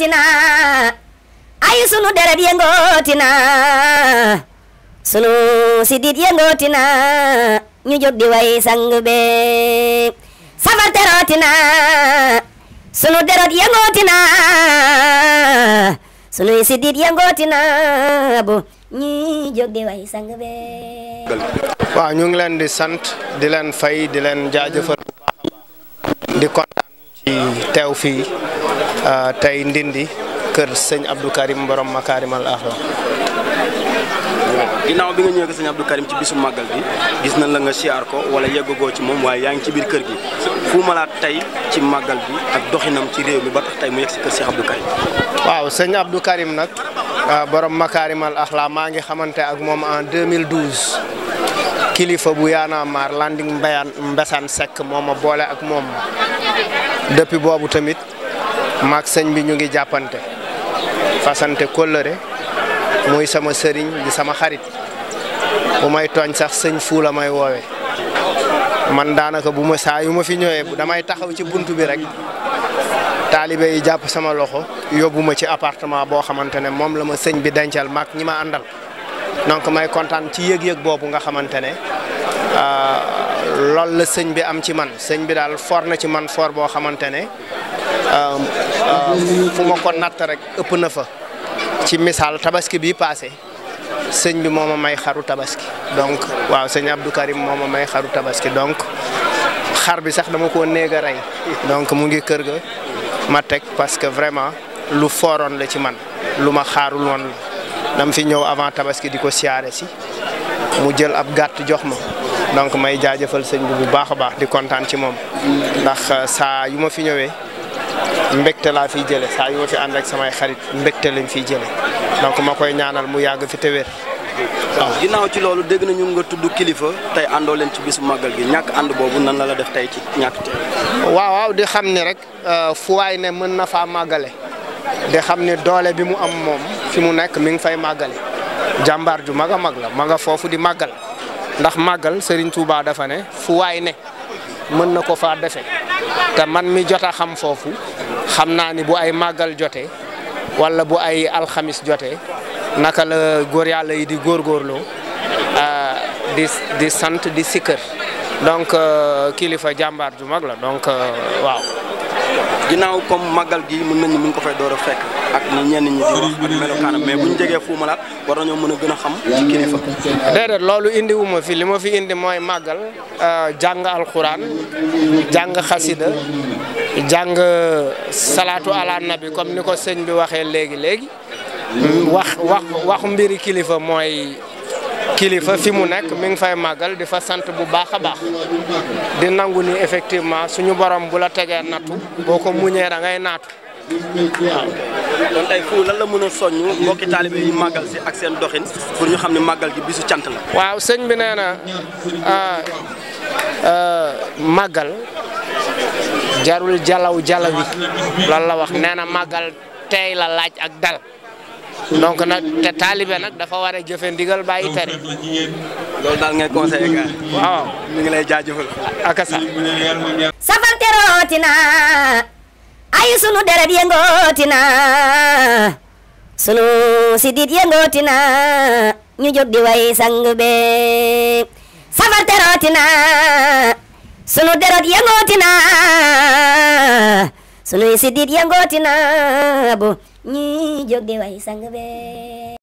yëngootina ay sunu deret yëngootina sunu sidit yëngootina ñu jóg di way sang be safar terootina sunu deret yëngootina sunu sidit yëngootina bu ñi jóg di way sang be waaw ñu ngi leen di sant di leen fay di leen jaajëfal bu di kontaan ci teew fii Euh, tey Ndindi kër sëñ Abdou borom Makaarimal Axlaaq ginnaaw bi nga ci bisu màggal bi gis nañ la nga siyaar ko wala yeggagoo ci moom waaye yaa ngi ci biir kër gi fu tey ci màggal bi ak doxinam ci réew mi ba tax waaw sëñ Abdou nag euh, borom Makaarimal maa ngi xamante ak moom en 2012 kilifa bu yaana maar landing mbayaan mbesaan sekk moo ma boole ak moom depuis boobu tamit. maag sëñ bi ñu ngi jàppante fasante kóllëre muy sama sëriñ di sama xarit bu may tooñ sax sëñ fuu la may woowe man daanaka bu ma saa yu ma fi ñëwee damay taxaw ci bunt bi rek taalibe yi jàpp sama loxo yóbbu ma ci appartement boo xamante ne moom la ma sëñ bi dencal maag ñi ma àndal donc may kontaan ci yëg-yëg boobu nga xamante ne euh, loolu la sëñ bi am ci man sëñ bi daal for na ci man for boo xamante ne Euh, euh, fu ma ko natt rek ëpp na fa ci misaal tabaski bi passé sëñ bi moom ma may xaru tabaski donc waaw sëñ Abdou Karim moo xaru tabaski donc xar bi sax dama ko néeg rey donc mu ngi kër ga ma teg parce que vraiment lu fooroon la ci man lu ma xaarul woon la dama fi ñëw avant tabaski di ko siyaare si mu jël ab gàtt jox ma donc may jaajëfal sëñ bi bu baax a baax di kontaan ci moom ndax euh, saa yu ma fi ñëwee mbégte laa fiy jëlee saa yu ma fi ànd ak samay xarit mbégte lañ fiy jëlee donc ma koy ñaanal mu yàgg fi te wér. waaw ci loolu dégg nañu nga tudd kilifa tey àndoo leen ci bisu màggal gi ñàkk ànd boobu nan la la def tey ci ñàkk te waaw waaw di xam ni rek euh, fu waay ne mën na faa màggale di xam ni doole bi mu am moom fi mu nekk mi ngi fay màggale jàmbaar ju mag a mag la ma foofu di màggal ndax màggal sëriñ Touba dafa ne fu waay ne mën na ko faa defee. te man mi jot a xam foofu xam naa ni bu ay màggal jotee wala bu ay alxamis jotee naka la góor yàlla yi di góor ah, di di sant di sikkër donc euh, kilifa jàmbaar ju mag la donc euh, waaw ginnaaw comme màggal gi mën nañu mi ngi ko fay door a fekk ak ni ñenn ñi di wax ak melokaanam mais bu ñu jegee Fou Malade war nañoo mën a gën a xam ci kilifa. déedéet loolu indi wu ma fi li ma fi indi mooy màggal euh, jàng alxuraan jàng xasida jàng salaatu ala nabi comme ni ko sëñ bi waxee léegi léegi wax wax waxu mbiri kilifa mooy. kilifa fi mu nekk mi ngi fay màggal di fa sant bu baax a baax di nangu ni effectivement suñu borom bu la tegee nattu boo ko muñee da ngay naatu. waaw kon tey fu lan mën a soññ mbokki taalibe yi màggal si ak seen doxin pour ñu xam ne màggal gi bisu cant la. waaw sëñ bi nee na ah, ah, jarul jalaw jalawi lan la wax nee na màggal tey la laaj ak dal. donc nag te taalibe nag dafa war a jëfe ndigal bàyyi tere. loolu daal ngay conseillé ga ñu ngi lay safar terooti ay sunu deret yëngooti na sunu sidit yëngooti na ñu jóg di way sang be safar terooti sunu deret yëngooti na sunuy sidit yangooti na bu ñi jóg di way sang be